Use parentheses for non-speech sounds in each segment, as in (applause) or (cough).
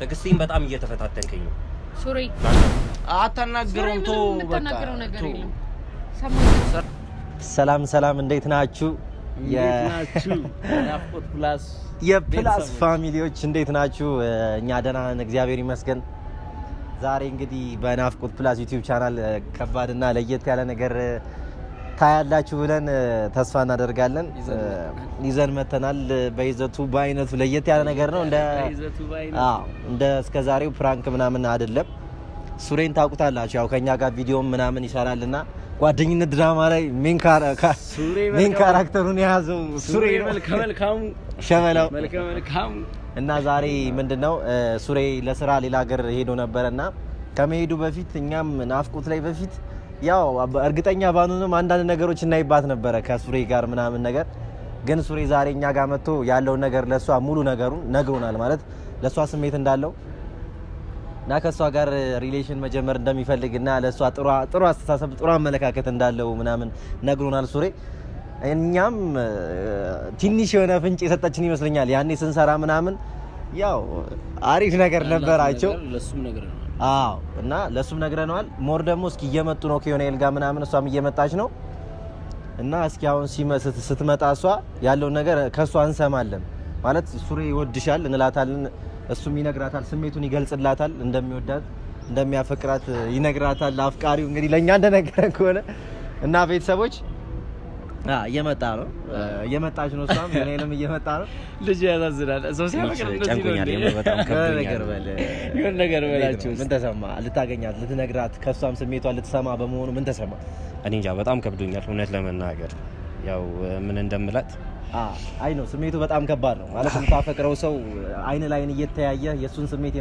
ትዕግስቴን በጣም እየተፈታተንከኝ ነው። ሱሪ አታናግረውም። ሰላም ሰላም፣ እንዴት ናችሁ? የፕላስ ፋሚሊዎች እንዴት ናችሁ? እኛ ደህና ነን፣ እግዚአብሔር ይመስገን። ዛሬ እንግዲህ በናፍቆት ፕላስ ዩቲዩብ ቻናል ከባድና ለየት ያለ ነገር ታያላችሁ ብለን ተስፋ እናደርጋለን። ይዘን መተናል። በይዘቱ በአይነቱ ለየት ያለ ነገር ነው። እንደ እስከ ዛሬው ፕራንክ ምናምን አይደለም። ሱሬን ታውቁታላችሁ። ያው ከኛ ጋር ቪዲዮም ምናምን ይሰራል ጓደኝነት ድራማ ላይ ሜን ካራክተሩን የያዘው ሱሬ ሸበላው (laughs) እና ዛሬ ነው ሱሬ ለስራ ሌላ ሀገር ሄዶ ነበረ እና ከመሄዱ በፊት እኛም ናፍቆት ላይ በፊት ያው እርግጠኛ ባኑንም አንዳንድ ነገሮች እናይባት ነበረ ከሱሬ ጋር ምናምን ነገር ግን ሱሬ ዛሬ እኛ ጋር መጥቶ ያለውን ነገር ለእሷ ሙሉ ነገሩን ነግሮናል። ማለት ለእሷ ስሜት እንዳለው እና ከእሷ ጋር ሪሌሽን መጀመር እንደሚፈልግ እና ለእሷ ጥሩ አስተሳሰብ፣ ጥሩ አመለካከት እንዳለው ምናምን ነግሮናል ሱሬ። እኛም ትንሽ የሆነ ፍንጭ የሰጠችን ይመስለኛል ያኔ ስንሰራ ምናምን ያው አሪፍ ነገር ነበራቸው። አዎ እና ለእሱም ነግረነዋል። ሞር ደግሞ እስኪ እየመጡ ነው ከሆነ ኤልጋ ምናምን እሷም እየመጣች ነው እና እስኪ አሁን ስትመጣ እሷ ያለውን ነገር ከእሷ እንሰማለን። ማለት ሱሬ ይወድሻል እንላታለን፣ እሱም ይነግራታል፣ ስሜቱን ይገልጽላታል፣ እንደሚወዳት እንደሚያፈቅራት ይነግራታል። አፍቃሪው እንግዲህ ለእኛ እንደነገረ ከሆነ እና ቤተሰቦች እየመጣ ነው እየመጣች ነው እሷም እኔንም እየመጣ ነው። ልጅ ያሳዝናል። ሰው ሲያጨንቆኛል። ነገር በላችሁ። ምን ተሰማ? ልታገኛት ልትነግራት፣ ከእሷም ስሜቷ ልትሰማ በመሆኑ ምን ተሰማ? እኔ እንጃ በጣም ከብዶኛል፣ እውነት ለመናገር ያው ምን እንደምላት አይ ነው ስሜቱ በጣም ከባድ ነው ማለት የምታፈቅረው ሰው አይን ላይን እየተያየ የእሱን ስሜት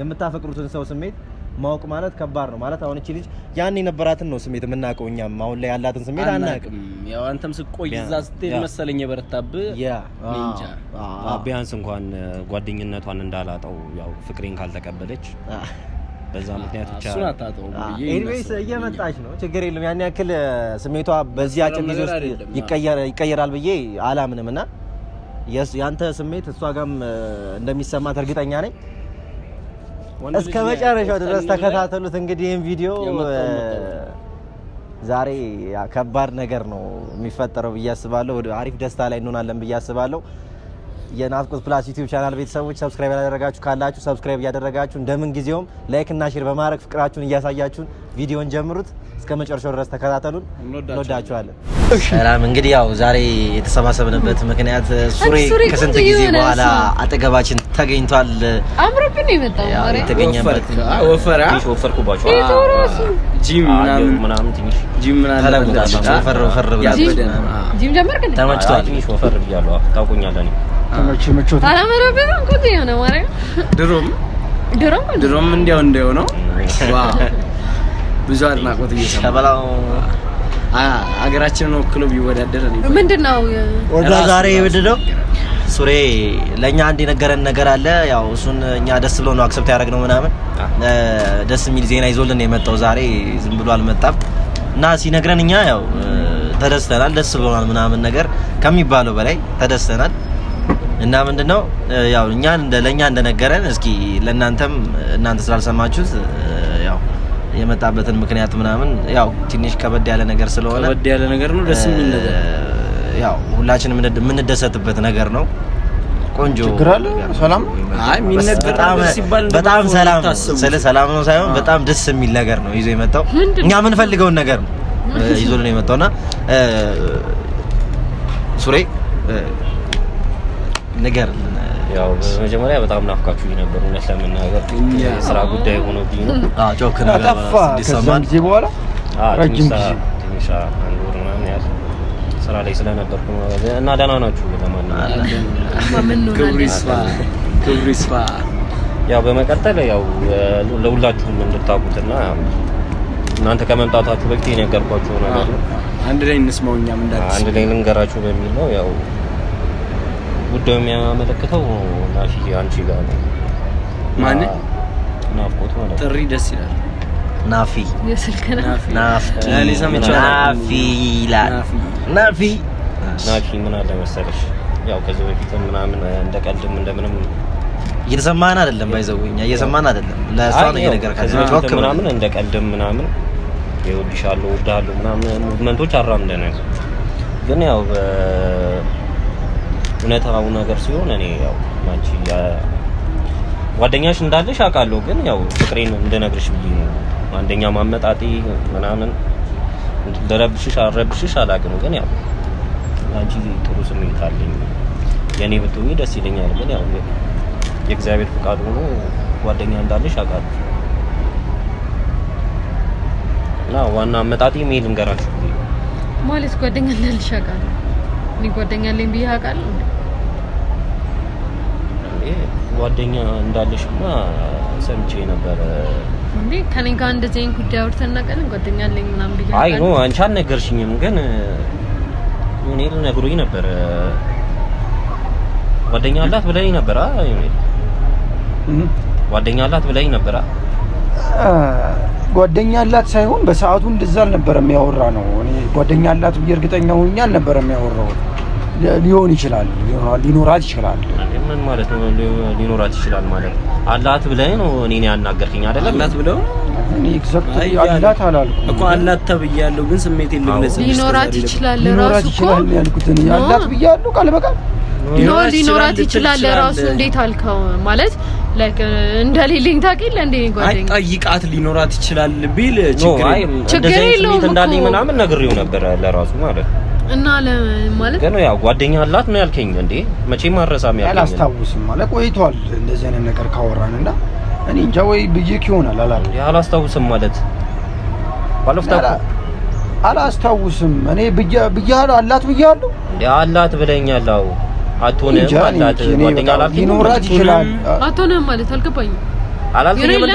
የምታፈቅሩትን ሰው ስሜት ማወቅ ማለት ከባድ ነው ማለት። አሁን እቺ ልጅ ያን የነበራትን ነው ስሜት የምናውቀው እኛም አሁን ላይ ያላትን ስሜት አናውቅም። ያው አንተም ስቆይ እዛ ስትሄድ መሰለኝ የበረታብህ። ቢያንስ እንኳን ጓደኝነቷን እንዳላጣው ያው ፍቅሬን ካልተቀበለች በዛ ምክንያት ብቻ ኤኒዌይስ እየመጣች ነው፣ ችግር የለም። ያን ያክል ስሜቷ በዚህ አጭር ጊዜ ውስጥ ይቀየራል ብዬ አላምንም እና የአንተ ስሜት እሷ ጋም እንደሚሰማት እርግጠኛ ነኝ። እስከ መጨረሻው ድረስ ተከታተሉት። እንግዲህ ይህን ቪዲዮ ዛሬ ከባድ ነገር ነው የሚፈጠረው ብዬ አስባለሁ። አሪፍ ደስታ ላይ እንሆናለን ብዬ አስባለሁ። የናፍቆት ፕላስ ዩቲዩብ ቻናል ቤተሰቦች ሰብስክራይብ ያላደረጋችሁ ካላችሁ ሰብስክራይብ እያደረጋችሁ እንደምን ጊዜውም ላይክ እና ሼር በማድረግ ፍቅራችሁን እያሳያችሁን ቪዲዮን ጀምሩት። እስከ መጨረሻው ድረስ ተከታተሉን፣ እንወዳችኋለን። ሰላም። እንግዲህ ያው ዛሬ የተሰባሰብንበት ምክንያት ሱሬ ከስንት ጊዜ በኋላ አጠገባችን ተገኝቷል። አምሮብን ነው የመጣው። የተገኘበት ወፈር ወፈር ወፈር ብያለሁ። ታውቁኛለህ ድሮም ድሮም እንዲያው እንዲያው ነው ብዙ አድናቆት እየሰማሁ አገራችንን ወክሎ ቢወዳደር ምንድን ነው ዛሬ የወደደው ሱሬ ለእኛ አንድ የነገረን ነገር አለ። ያው እሱን እኛ ደስ ብሎ ነው አክሰብት ያደረግነው ምናምን ደስ የሚል ዜና ይዞልን የመጣው ዛሬ ዝም ብሎ አልመጣም እና ሲነግረን እኛ ያው ተደስተናል፣ ደስ ብሎናል ምናምን ነገር ከሚባለው በላይ ተደስተናል። እና ምንድነው ያው እኛ ለእኛ እንደነገረን እስኪ ለእናንተም እናንተ ስላልሰማችሁት ያው የመጣበትን ምክንያት ምናምን ያው ትንሽ ከበድ ያለ ነገር ስለሆነ ከበድ ያለ ነገር ነው። ደስ የሚል ነገር ያው ሁላችንም የምንደሰትበት ነገር ነው። ቆንጆ ሰላም አይ በጣም ሰላም ስለ ሰላም ነው ሳይሆን በጣም ደስ የሚል ነገር ነው ይዞ የመጣው እኛ የምንፈልገውን ነገር ነው ይዞ ነው የመጣውና ሱሬ ነገር ያው በመጀመሪያ በጣም ናፍቃችሁ ነበር፣ እውነት ለመናገር ስራ ጉዳይ ሆኖ ነው። አዎ ጮክ ነገር እንዲሰማን ጊዜ በኋላ ረጅም ጊዜ ትንሽ አንድ ወር ምናምን ያህል ስራ ላይ ስለነበርኩ ነው። እና ደህና ናችሁ? ለማንኛውም ክብሩ ያው በመቀጠል ያው ለሁላችሁም እንድታውቁትና እናንተ ከመምጣታችሁ በፊት የነገርኳችሁ ነገር ነው። አንድ ላይ እንስማውኛም እንዳትስ አንድ ላይ ልንገራችሁ በሚል ነው ያው ጉዳዩ የሚያመለክተው ናፊ አንቺ ጋር ነው። ማን ናፍቆት ማለት ጥሪ ደስ ይላል። ናፊ ናፊ ይላል። ናፊ ናፊ ምን አለ መሰለሽ፣ ያው ከዚህ በፊት ምናምን እንደ ቀልድም እንደምንም እየተሰማን አይደለም፣ ባይዘውኛ እየሰማን አይደለም። ለእሷ ለሷን ነገር ወክ ምናምን እንደ ቀልድም ምናምን ይወድሻለሁ፣ እወድሃለሁ ምናምን ሙቭመንቶች አራምደናል ግን ያው እውነታው ነገር ሲሆን እኔ ያው አንቺ ጓደኛሽ እንዳለሽ አውቃለሁ፣ ግን ያው ፍቅሬን እንድነግርሽ ብዬ ነው። አንደኛ ማመጣጤ ምናምን ልረብሽሽ አረብሽሽ አላውቅም፣ ግን ያው አንቺ ጥሩ ስሜት አለኝ የኔ ብትሆኚ ደስ ይለኛል። ግን ያው የእግዚአብሔር ፍቃድ ሆኖ ጓደኛ እንዳለሽ አውቃለሁ እና ዋና አመጣጤ ሜል እንገራችሁ ማለት ጓደኛ እንዳለሽ አውቃለሁ። እኔ ጓደኛ አለኝ ብዬ አውቃለሁ። ጓደኛ እንዳለሽ እንዳለሽማ ሰምቼ ነበረ። እንዴ ከኔ ጋር እንደዚህ አይነት ጉዳይ አውርተን እናውቃለን። ጓደኛ አለኝ ምናምን ቢል አይ ኖ አንቺ አልነገርሽኝም፣ ግን ዩኔል ነግሮኝ ነበር። ጓደኛ አላት ብለኝ አይ ዩኔል ጓደኛ አላት ብለኝ ነበር። ጓደኛ አላት ሳይሆን በሰዓቱ እንደዛ አልነበረም ያወራ ነው። እኔ ጓደኛ አላት ብዬ እርግጠኛ ሆኜ አልነበረም ያወራው። ሊሆን ይችላል፣ ሊኖራት ይችላል ምን ማለት ነው ሊኖራት ይችላል ማለት አላት ብለህ ነው እኔ ያናገርከኝ አይደለም? አላት ብለው አላት አላልኩም እኮ አላት ተብያለሁ፣ ግን ስሜት ልግለጽ። ሊኖራት ይችላል ራሱ እኮ ያልኩት እኔ አላት ብያለሁ ቃል በቃል ሊኖራት ይችላል ራሱ። እንዴት አልከው? ማለት ላይክ እንደ ሌሊን ታቂል እንደ ጓደኛ ጠይቃት ሊኖራት ይችላል ቢል ችግር የለውም። እንደዚህ እንዳለኝ ምናምን ነግሬው ነበር ለራሱ ማለት ነው እና ማለት ግን ያው ጓደኛ አላት ነው ያልከኝ እንዴ? መቼ ማረሳም ያልከኝ አላስታውስም። ማለት ቆይቷል እንደዚህ አይነት ነገር ካወራንና እኔ እንጃ ወይ ብዬሽ ይሆናል ያ አላስታውስም ማለት ባለፍታ አላስታውስም። እኔ ብያ ብያ አላት ብያለሁ። አላት ብለኛል። አዎ አትሆንም። አላት ጓደኛ አላት ይኖራት ይችላል። አትሆንም ማለት አልገባኝም አላልኩም።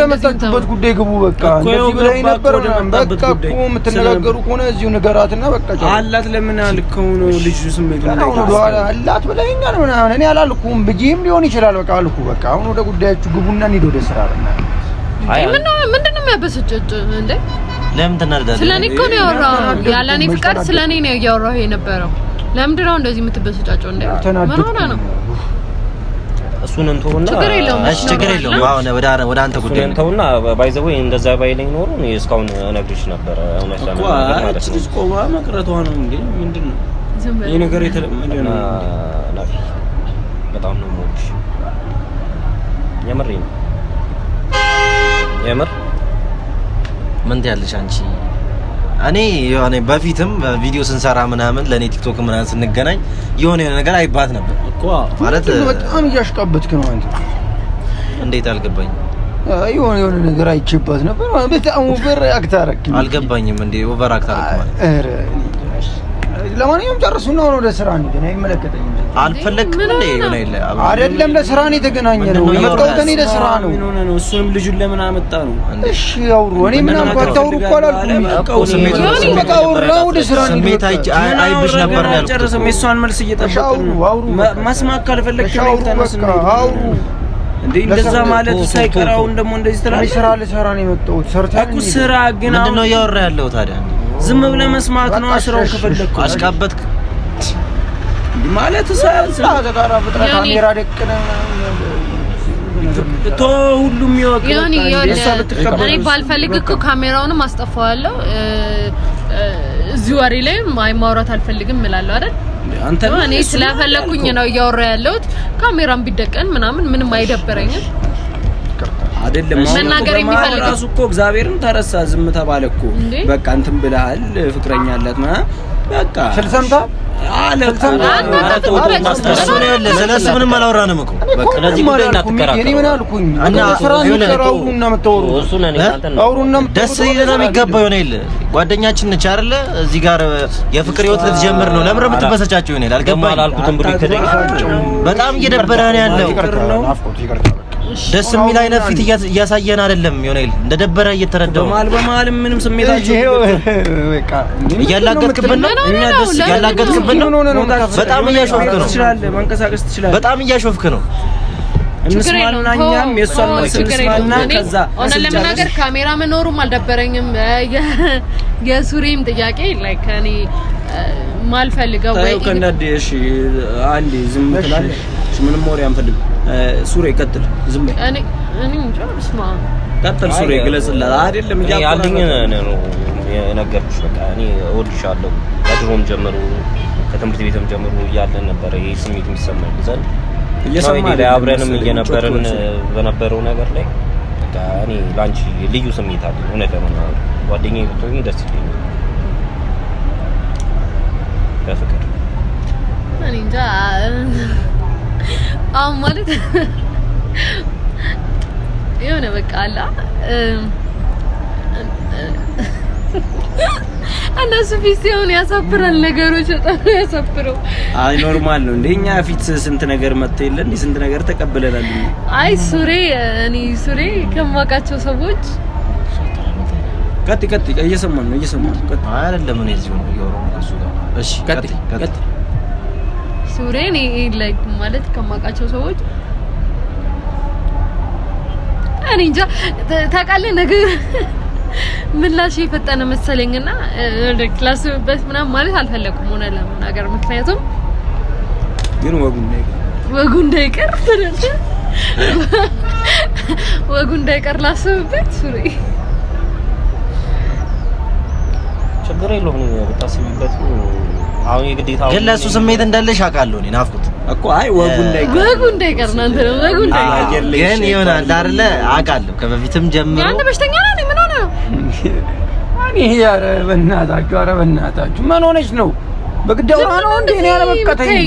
ለመጣችሁበት ጉዳይ ግቡ። በቃ እንደዚህ ነበር። በቃ እኮ የምትነጋገሩ ከሆነ እዚሁ ንገራትና በቃ አላት። ለምን አልከው ነው ልጁ ስሜቱ አላት ብለኸኛል ምናምን። እኔ አላልኩም ብዬም ሊሆን ይችላል። በቃ አልኩ። በቃ አሁን ወደ ጉዳያችሁ ግቡና እንሂድ ወደ ስራ። ምንድን ነው የሚያበሰጨጭ እንዴ? ለምን ትናደዳለህ? ስለኔ እኮ ነው ያወራው። ያለ እኔ ፍቃድ ስለኔ ነው እያወራሁ የነበረው። ለምንድን ነው እንደዚህ የምትበሰጫጨው እንዴ? ምን ሆነህ ነው እሱን እንተውና ችግር የለውም። እሺ ችግር የለውም። አሁን ወደ ወደ አንተ ጉዳይ እንተውና እንደዛ ባይለኝ ኖሮ ነው እስካሁን እነግርሽ ነበር። እውነት ለማለት ማለት ነው። ቆማ መቅረቷ ነው እንዴ? ምንድነው ይሄ ነገር የተለመደ ነው። በጣም ነው የምወድሽ። ነው። የምር ምን ትያለሽ አንቺ? እኔ የሆነ በፊትም ቪዲዮ ስንሰራ ምናምን ለእኔ ቲክቶክ ምናምን ስንገናኝ የሆነ የሆነ ነገር አይባት ነበር እኮ ማለት በጣም እያሽቃበትክ ነው አንተ። እንዴት አልገባኝ። የሆነ የሆነ ነገር አይቼባት ነበር በጣም ኦቨር አክት አደረክ። አልገባኝም። እንዴ ኦቨር አክት አደረክ ማለት ለማንኛውም ጨርሱና አሁን ወደ ስራ እንሂድ። እኔ አይመለከተኝም። አልፈለግም እንዴ? ሆነ የለ አይደለም። ለስራ ነው የተገናኘነው። የመጣሁት እኔ ለስራ ነው። እሱንም ልጁን ለምን አመጣ ነው? እሺ አውሩ። እኔ ምን እኮ አላልኩም። በቃ ወደ ስራ ስሜት አይብሽ ነበር የእሷን መልስ እየጠበቅን ነው። መስማት ተነስ። አውሩ እንዴ እንደዛ ማለት ሳይቀራው ደግሞ እንደዚህ ትላለች። ስራ ልሰራ ነው የመጣሁት። ሰርታ እኮ ስራ ግን ምንድን ነው እያወራ ያለው ታዲያ? ዝም ብለህ መስማት ነው። አስራው ከፈለኩ አስካበትክ ማለት ካሜራ ደቅነ ሁሉም ይወቅ። እኔ ባልፈልግ እኮ ካሜራውንም አስጠፋዋለሁ። እዚህ ወሬ ላይ ማውራት አልፈልግም እላለሁ አይደል? አንተ እኔ ስለፈለኩኝ ነው እያወራ ያለሁት። ካሜራም ቢደቀን ምናምን ምንም አይደበረኝም። አይደለም መናገር የሚፈልገው ራሱ እኮ እግዚአብሔርን ተረሳ። ዝም ተባለ እኮ በቃ እንትን ብለሃል፣ ፍቅረኛ አላት ምናምን በቃ ስል ጓደኛችን ነች አይደለ? እዚህ ጋር የፍቅር ህይወት ልትጀምር ነው። ለምን ይሆናል? አልገባኝ። በጣም ነው ያለው ደስ የሚል አይነት ፊት እያሳየን አይደለም። ዮኔል እንደ ደበረ እየተረዳው በመሀል በመሀል ምንም ስሜት እያላገጥክብን ነው። እኛ ደስ እያላገጥክብን ነው። በጣም እያሾፍክ ነው። መንቀሳቀስ ትችላለህ። በጣም እያሾፍክ ነው። እንስማናኛም የእሷን መልስ እንስማና ከዛ እውነት ለመናገር ካሜራ መኖሩም አልደበረኝም። የሱሪም ጥያቄ ላይክ እኔ ማልፈልገው ወይ ከእንዳንዴ እሺ፣ አንዴ ዝም ትላለሽ። ምንም ወሬ አንፈልግም ሱሬ ቀጥል፣ ዝም በይ። እኔ እኔ እንጃ ስማ፣ ቀጥል ሱሬ ግለጽላት። አይደለም እያ ያልኝ ነው የነገርኩሽ። በቃ እኔ እወድሻለሁ። ከድሮም ጀምሮ ከትምህርት ቤትም ጀምሮ እያለን ነበረ ይሄ ስሜት የሚሰማኝ ዘን እየሰማ አብረንም እየነበረን በነበረው ነገር ላይ በቃ እኔ ላንቺ ልዩ ስሜት አለ። እውነት ለመናገር ጓደኛዬ ብትሆኚ ደስ ይለኛል በፍቅር እኔ እንጃ አሁን ማለት የሆነ በቃ አላ እነሱ ፊት ሲሆን ያሳፍራል። ነገሮች በጣም ያሳፍረው። አይ ኖርማል ነው እንደኛ ፊት ስንት ነገር መጥቶ የለ እንዴ ስንት ነገር ተቀብለናል። አይ ሱሬ እኔ ሱሬ ከማውቃቸው ሰዎች ቀጥ ቀጥ እየሰማን ነው እየሰማን ቀጥ አይደለም እኔ እዚሁ ነው እያወራሁ እሱ ጋር እሺ ቀጥ ቀጥ ሱሬን እኔ ላይክ ማለት ከማውቃቸው ሰዎች እኔ እንጃ ታውቃለህ፣ ነገር ምላሽ የፈጠነ መሰለኝና ላስብበት ምናምን ማለት አልፈለኩም ሆነ ለመናገር ምክንያቱም ግን ወጉ እንዳይቀር ወጉ እንዳይቀር ወጉ እንዳይቀር ላስብበት ሱሬ ችግር የለውም ብታስብበት አሁን የግዴታ ግን ለእሱ ስሜት እንዳለሽ አውቃለሁ። እኔ ናፍቁት እኮ አይ ወጉ እንዳይቀር ወጉ እንዳይቀር እናንተ ነው ወጉ እንዳይቀር ግን ይሆናል አይደለ? አውቃለሁ ከበፊትም ጀምሮ አንተ በሽተኛ ነህ። ምን ሆነ? እኔ ኧረ በእናታችሁ ኧረ በእናታችሁ ምን ሆነች ነው በግዳው ነው እንዴ? እኔ አለበቃተኝ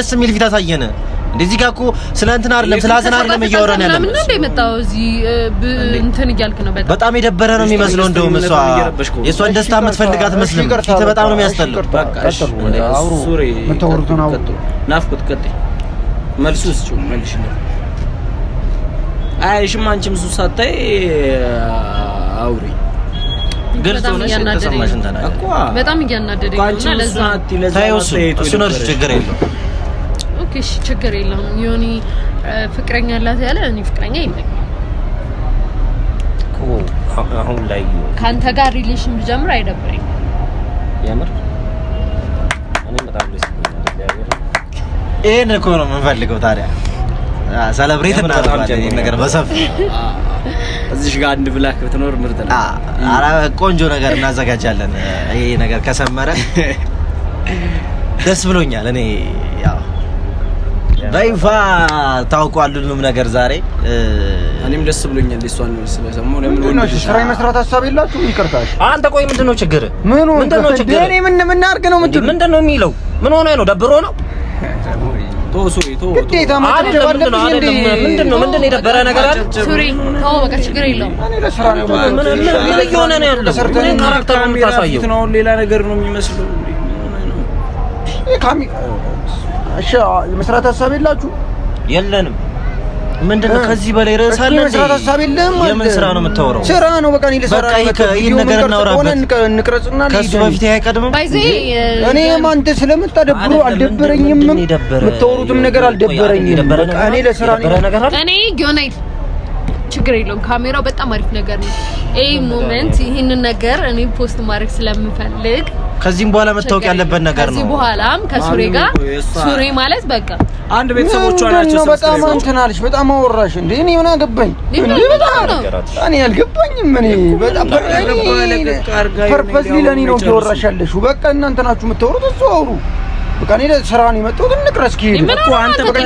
ደስ የሚል ፊት አሳየን። እንደዚህ ጋር እኮ ስለ እንትን አይደለም ስለ ሀዘን አይደለም እያወራን ያለ ምን እንደ መጣው እዚህ እንትን እያልክ ነው። በጣም በጣም የደበረ ነው የሚመስለው። እንደውም እሷ የእሷን ደስታ የምትፈልጋት መስለም ፊት በጣም ነው የሚያስጠላው። በቃ እሺ፣ አውሩ የምታወሩትን ነው ናፍቆት ቀጥይ፣ መልሱ መልሽ ነው። አይ ሽማ አንቺም እሱ ሳታይ አውሪ ግልጽ ሆነሽ የተሰማሽን ተናገሪ። በጣም እያናደደኝ ነው ለዛ ታዩስ እሱ ነው ችግር የለውም ኦኬ እሺ፣ ችግር የለውም ዮኒ ፍቅረኛ አላት ያለ እኔ ፍቅረኛ የለኝም እኮ አሁን ላይ ከአንተ ጋር ሪሌሽን ብጀምር አይደብረኝም። የምር እኔ በጣም ደስ ይለኛል። ይሄን እኮ ነው የምንፈልገው። ታዲያ ሰለብሬት እናደርጋለን ነገር በሰፊ እዚሽ ጋር አንድ ብላክ ብትኖር ምርጥ ነው። ቆንጆ ነገር እናዘጋጃለን። ይሄ ነገር ከሰመረ (laughs) ደስ ብሎኛል እኔ በይፋ ታውቋል ነገር ዛሬ። እኔም ደስ ብሎኛል እሷን ስለሰማሁ። ለምን ወንድ ስራ የመስራት ሀሳብ የላችሁ? ይቅርታሽ። አንተ ቆይ ምንድን ነው ችግር? ምን ምንድን ነው ችግር? እኔ ምን ምን አድርግ ነው ምንድን ምንድን ነው የሚለው? ምን ሆነ ነው? ደብሮ ነው? ተው ነው። የደበረ ነገር አለ? እየሆነ ነው ያለው? ሌላ ነገር ነው የሚመስለው እሺ መስራት ሀሳብ የላችሁ? የለንም። ምንድን ነው ከዚህ በላይ ርዕስ አለ መስራት ሀሳብ የለም። የምን ስራ ነው የምታወራው? ስራ ነው በቃ እኔ ልሰራ ነው። በቃ ይሄን ነገር እናወራበት። እንቅረጽና ከሱ በፊት አይቀድምም። እኔ አንተ ስለምታደብሩ አልደበረኝም። የምታወሩትም ነገር አልደበረኝም። በቃ እኔ ለስራ ነው። ነገር አለ። እኔ ጊዮናይት ችግር የለውም። ካሜራው በጣም አሪፍ ነገር ነው። ይሄ ሞመንት ይህንን ነገር እኔ ፖስት ማድረግ ስለምፈልግ ከዚህም በኋላ መታወቅ ያለበት ነገር ነው። ከዚህ በኋላም ከሱሬ ጋር ሱሬ ማለት በቃ አንድ ቤተሰቦቿ ናቸው። በጣም እንትን አለሽ፣ በጣም አወራሽ እንዴ? እኔ ምን አገባኝ? እኔ አልገባኝም። እኔ በጣም ፐርፐዝሊ ለእኔ ነው እያወራሽ ያለሽው። በቃ እናንተ ናችሁ የምታወሩት፣ እሱ አውሩ በቃ እኔ ስራን የመጣሁት እንቅር እስኪ እኮ አንተ በቃ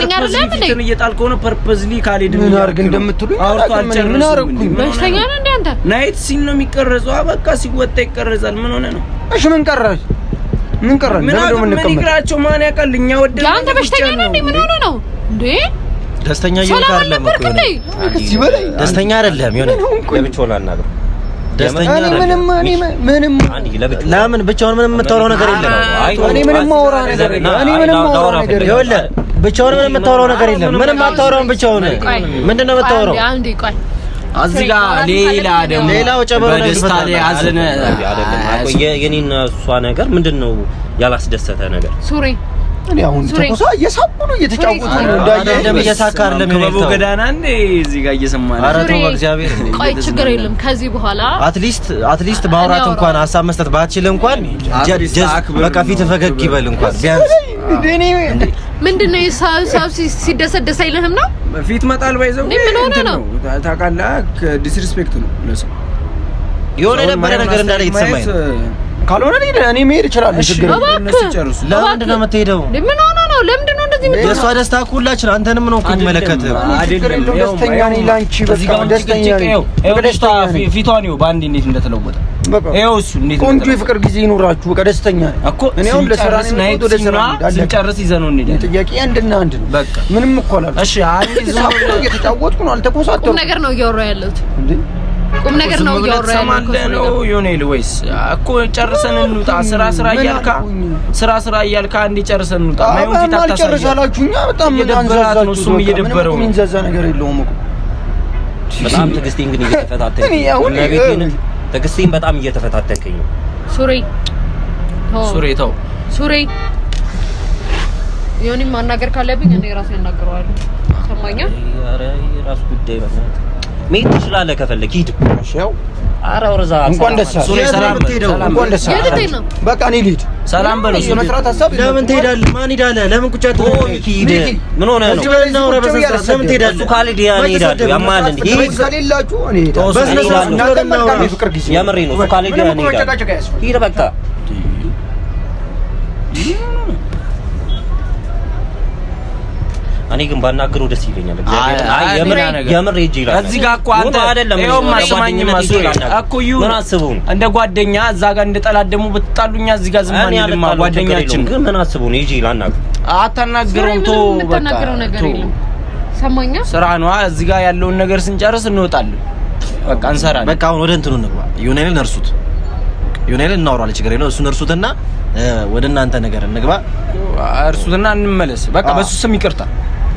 ፊትን እየጣልክ ሆነ ፐርፐዝሊ ካልሄድን ምን አድርግ እንደምትሉኝ አውርቶ አልጨረስም። ምን አደረግኩኝ? በሽተኛ ነህ እንደ አንተ ናይት ሲን ነው የሚቀረጸው። በቃ ሲወጣ ይቀረጻል። ምን ሆነ ነው? እሺ ምን ቀረህ? ምን ቀረህ? ምን ምን ይቅራቸው፣ ማን ያውቃል? እኛ ወደ አንተ በሽተኛ ነህ እንዴ? ምን ሆነ ነው እንዴ? ደስተኛ ይሆናል። ለምን ደስተኛ አይደለም? ይሆነ ለምን ቾላ እናገር ደስተኛ ለምን ብቻውን ምንም የምታወራው ነገር የለም። እኔ ምንም ማውራ ነገር የለም። እኔ ምንም ማውራ ነገር የለም። ብቻውን ምንም የምታወራው ነገር የለም። ምንም አታወራውም። ብቻውን ምንድን ነው የምታወራው? እዚህ ጋር ሌላ ደግሞ ሌላው ጨበሮ ደስታ ላይ አዘነ አይደለም። አቆየ የኔና እሷ ነገር ምንድን ነው ያላስደሰተ ነገር ሱሪ እኔ አሁን ተቆሳ እየሳቁ ነው እየተጫወቱ ነው። እንዳየ ደም እየሳካር ለምን ገዳና እንዴ እዚህ ጋር እየሰማ ነው። ኧረ ተው በእግዚአብሔር። ቆይ ችግር የለም ከዚህ በኋላ አትሊስት አትሊስት ማውራት እንኳን ሀሳብ መስጠት ባትችል እንኳን በቃ ፊት ፈገግ ይበል እንኳን ቢያንስ። እኔ ምንድን ነው የሳብ ሲደሰደስ አይልህም ነው ፊት መጣል ባይዘው ምን ሆነ ነው ታውቃለህ? ዲስሪስፔክት ነው ለሰው የሆነ የነበረ ነገር እንዳለ እየተሰማኝ ነው ካልሆነ እኔ መሄድ እችላለሁ። ችግር ለምንድን ነው የምትሄደው? ምን ሆኖ ነው? ለምንድን ነው እንደዚህ የምትሄደው? የእሷ ደስታ እኮ ሁላችን አንተንም ነው እኮ የሚመለከተው። ደስተኛ ነኝ ለአንቺ ፊቷን ይኸው በአንዴ እንዴት እንደተለወጠ ቆንጆ የፍቅር ጊዜ ይኖራችሁ። በቃ ደስተኛ ነኝ እኮ እኔ አሁን ለስራ ስንጨርስ ይዘህ ነው ጥያቄ አንድና አንድ ነው። በቃ ምንም እኮ አላልኩም። እሺ፣ እየተጫወትኩ ነው። አልተኮሳተርኩም። ነገር ነው እያወራሁ ያለሁት ቁም ነገር ነው ነው ዮኔል ወይስ እኮ ጨርሰን እንውጣ። ስራ ስራ እያልካ ስራ ስራ እያልካ አንዴ ጨርሰን እንውጣ። ማይሆን ፊት አታሳያችሁኛ። በጣም እየደበራት ነው፣ እሱም እየደበረው ነው። እንዛዛ ነገር የለውም እኮ በጣም ትዕግስቴን ግን እየተፈታተከኝ ነው። ትዕግስቴን በጣም እየተፈታተከኝ ነው። ሱሬ ሱሬ ተው ሱሬ ዮኒን ማናገር ካለብኝ እኔ ራሴ እናገረዋለሁ። ሰማኛ ራስ ጉዳይ በእናትህ መሄድ ትችላለህ ከፈለክ ሂድ። እሺ ያው ኧረ ወረዛ እንኳን ደስ አለህ። ሰላም እንኳን ደስ አለህ። በቃ እኔ ልሂድ። ሰላም በለው። እሱ መስራት ሀሳብ ለምን ትሄዳለህ? ማን ሄዳለህ? ለምን ቁጭ አትልም? ምን ሆነህ ነው? ለምን ትሄዳለህ? እሱ ካልሄድ እኔ እሄዳለሁ። ያማል እንደ ሂድ። ከሌላችሁ እኔ እሄዳለሁ። የምሬን ነው። እሱ ካልሄድ እኔ እሄዳለሁ። ሂድ በቃ እኔ ግን ባናገረው ደስ ይለኛል። የምር ሂጅ ይላል። እዚህ ጋር እኮ አንተ እዩ፣ ምን አስበው ነው እንደ ጓደኛ እዛ ጋር እንደ ጠላት ደግሞ ብትጣሉኛ እዚህ ጋር ዝም አንልማ። ጓደኛችን ግን ምን አስበው ነው? ሂጅ ይላል። አታናግረውም። ቶ በቃ ሰማኛ ስራ ነዋ። እዚህ ጋር ያለውን ነገር ስንጨርስ እንወጣለን። በቃ እንሰራለን። በቃ አሁን ወደ እንትኑ እንግባ። ዩናይልን እርሱት፣ ዩናይልን እናወራለን። ችግር የለውም። እሱን እርሱትና ወደ እናንተ ነገር እንግባ። እርሱትና እንመለስ። በቃ በሱ ስም ይቅርታ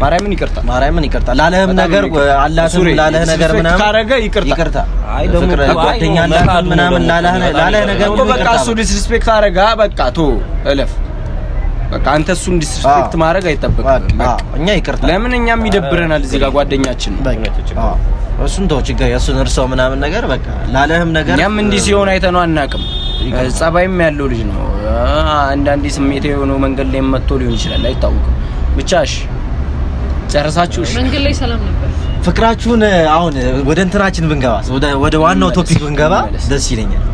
ማርያምን ይቅርታ፣ ማርያምን ይቅርታ። ላለህም ነገር አላትም ላለህ ነገር ምናምን ካረገ ይቅርታ፣ ይቅርታ። አይ ደግሞ ጓደኛ አላህ ምናምን ላለህ ላለህ ነገር ምናምን በቃ እሱ ዲስሪስፔክት አረጋ፣ በቃ ቶ እለፍ። በቃ አንተ እሱን ዲስሪስፔክት ማድረግ አይጠበቅም። በቃ እኛ ይቅርታ። ለምን እኛም ይደብረናል እዚህ ጋር ጓደኛችን። በቃ እሱን ተው ችግር የእሱን እርሳው ምናምን ነገር በቃ ላለህም ነገር እኛም እንዲህ ሲሆን አይተነው አናውቅም። ጸባይም ያለው ልጅ ነው። አንዳንዴ ስሜት የሆነው መንገድ ላይ መጥቶ ሊሆን ይችላል አይታወቅም። ብቻ እሺ ጨረሳችሁ? መንገድ ላይ ሰላም ነበር። ፍቅራችሁን አሁን ወደ እንትናችን ብንገባ ወደ ወደ ዋናው ቶፒክ ብንገባ ደስ ይለኛል።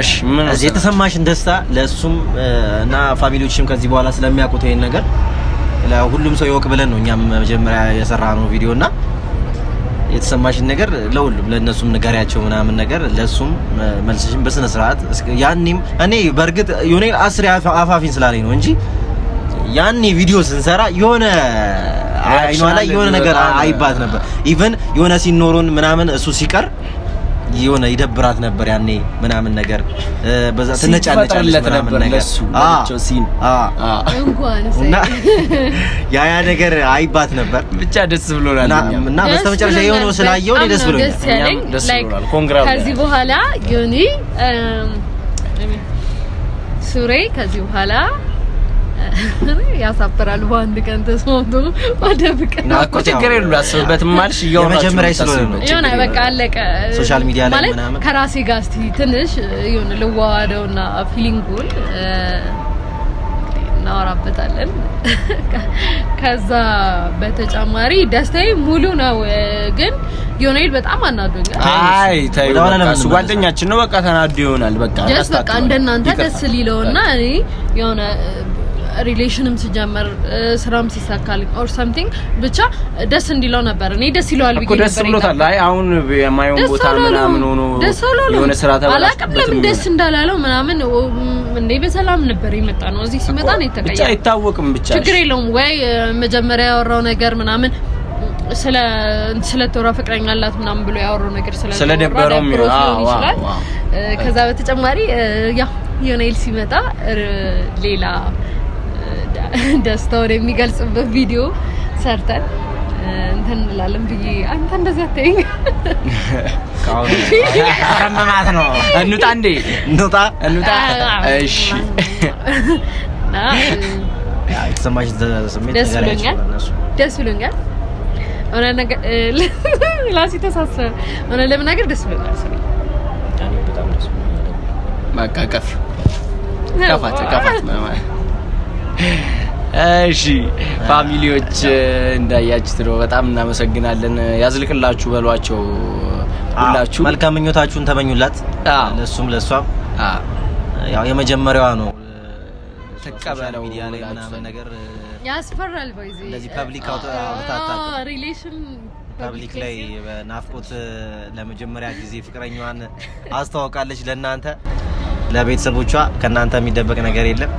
እሺ ምን እዚህ የተሰማሽን ደስታ ለእሱም እና ፋሚሊዎችም ከዚህ በኋላ ስለሚያውቁት ይሄን ነገር ለሁሉም ሰው ይወቅ ብለን ነው እኛም መጀመሪያ የሰራነው ነው ቪዲዮ እና የተሰማሽን ነገር ለሁሉም ለእነሱም ንገሪያቸው ምናምን ነገር ለሱም መልስሽን በስነ ስርዓት ያኔም እኔ በእርግጥ ዩኔል አስር አፋፊን ስላለኝ ነው እንጂ ያኔ ቪዲዮ ስንሰራ የሆነ አይኗ ላይ የሆነ ነገር አይባት ነበር። ኢቭን የሆነ ሲኖሩን ምናምን እሱ ሲቀር የሆነ ይደብራት ነበር ያኔ ምናምን ነገር በዛ ትነጫነጫለች ምናምን ነገር ያ ያ ነገር አይባት ነበር። ብቻ ደስ ብሎናል እና በስተመጨረሻ የሆነ ስላየው ነው ደስ ብሎኛል። ኮንግራት ከዚህ በኋላ ዮኒ ሱሬ ከዚህ በኋላ (laughs) ያሳፈራል። በአንድ ቀን ተስማምቶ ወደ ፍቅር ነው እኮ ችግር የለውም። ላስብበት ማልሽ የሆነ በቃ አለቀ። ሶሻል ሚዲያ ላይ ምናምን ከራሴ ጋር እስቲ ትንሽ ይሁን ልዋዋደውና ፊሊንጉን እናወራበታለን። (laughs) ከዛ በተጨማሪ ደስታዬ ሙሉ ነው፣ ግን ዮናኤል በጣም አናዶኛል። አይ ታይ እሱ ጓደኛችን ነው። በቃ ተናዶ ይሆናል። በቃ ደስ በቃ እንደናንተ ደስ ሊለውና እኔ የሆነ ሪሌሽንም ስጀምር ስራም ሲሳካል ኦር ሰምቲንግ ብቻ ደስ እንዲለው ነበር። እኔ ደስ ይለዋል ብዬ ደስ ብሎታል። አይ አሁን የማየውን ቦታ ምናምን ሆኖ ደስ የሆነ ስራ አላውቅም ለምን ደስ እንዳላለው ምናምን እንዴ በሰላም ነበር የመጣ ነው። እዚህ ሲመጣ ነው የተቀየረ። ብቻ አይታወቅም። ብቻ ችግር የለውም ወይ መጀመሪያ ያወራው ነገር ምናምን ስለ ስለ ስለተወራ ፍቅረኛ አላት ምናምን ብሎ ያወራው ነገር ስለ ስለ ስለደበረው አዎ ከዛ በተጨማሪ ያ ዮናይል ሲመጣ ሌላ ደስታውን የሚገልጽበት ቪዲዮ ሰርተን እንትን እንላለን ብዬ አንተ እንደዚህ አትይኝ። ረመማት ነው እንውጣ፣ እንዴ እንውጣ፣ እንውጣ። እሺ የተሰማሽ ስሜት ደስ ብሎኛል። ሆነ ነገር ላሲ ተሳሰብ ሆነ ለምናገር ደስ ብሎኛል። ስለ በቃ ቀፍ ቀፋት ቀፋት እሺ ፋሚሊዎች እንዳያችሁት ነው። በጣም እናመሰግናለን። ያዝልቅላችሁ በሏቸው ሁላችሁ። መልካም ምኞታችሁን ተመኙላት፣ ለሱም ለሷም። ያው የመጀመሪያዋ ነው ተቀበለው ነገር ያስፈራል። ባይዚ እንደዚህ ፐብሊክ ሪሌሽን ፐብሊክ ላይ ናፍቆት ለመጀመሪያ ጊዜ ፍቅረኛዋን አስተዋውቃለች። ለእናንተ ለቤተሰቦቿ ከእናንተ የሚደበቅ ነገር የለም።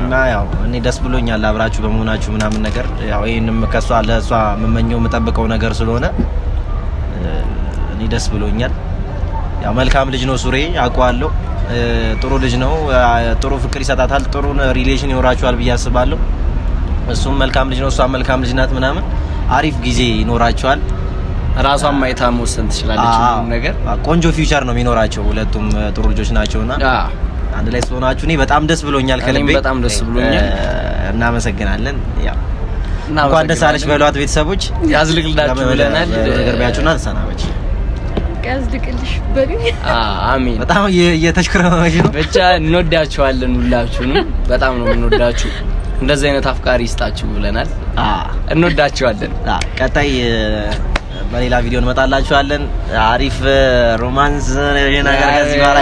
እና ያው እኔ ደስ ብሎኛል አብራችሁ በመሆናችሁ ምናምን ነገር ያው ይሄንም ከሷ ለሷ የምመኘው የምጠብቀው ነገር ስለሆነ እኔ ደስ ብሎኛል። ያው መልካም ልጅ ነው ሱሬ አውቀዋለሁ። ጥሩ ልጅ ነው። ጥሩ ፍቅር ይሰጣታል። ጥሩ ሪሌሽን ይኖራችኋል ብዬ አስባለሁ። እሱም መልካም ልጅ ነው፣ እሷ መልካም ልጅ ናት። ምናምን አሪፍ ጊዜ ይኖራችኋል። ራሷን ማየታ መወሰን ትችላለች። ነገር ቆንጆ ፊውቸር ነው የሚኖራቸው። ሁለቱም ጥሩ ልጆች ናቸውና አንድ ላይ ስለሆናችሁ እኔ በጣም ደስ ብሎኛል። ከልቤ በጣም ደስ ብሎኛል። እናመሰግናለን። ያው እንኳን ደስ አለሽ በሏት ቤተሰቦች። ያዝልቅልዳችሁ ብለናል። ገርቢያችሁና ተሰናበች ያዝልቅልሽ በሉኝ። አሜን። በጣም እየተሽከረመመሽ ነው። ብቻ እንወዳችኋለን። ሁላችሁንም በጣም ነው የምንወዳችሁ። እንደዚህ አይነት አፍቃሪ ይስጣችሁ ብለናል። እንወዳችኋለን። ቀጣይ በሌላ ቪዲዮ እንመጣላችኋለን። አሪፍ ሮማንስ ነገር ከዚህ በኋላ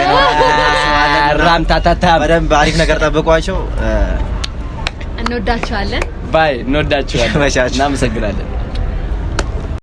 ነው። ታታታ በደንብ አሪፍ ነገር ጠብቋቸው። እንወዳችኋለን። ባይ እንወዳችኋለን። እናመሰግናለን።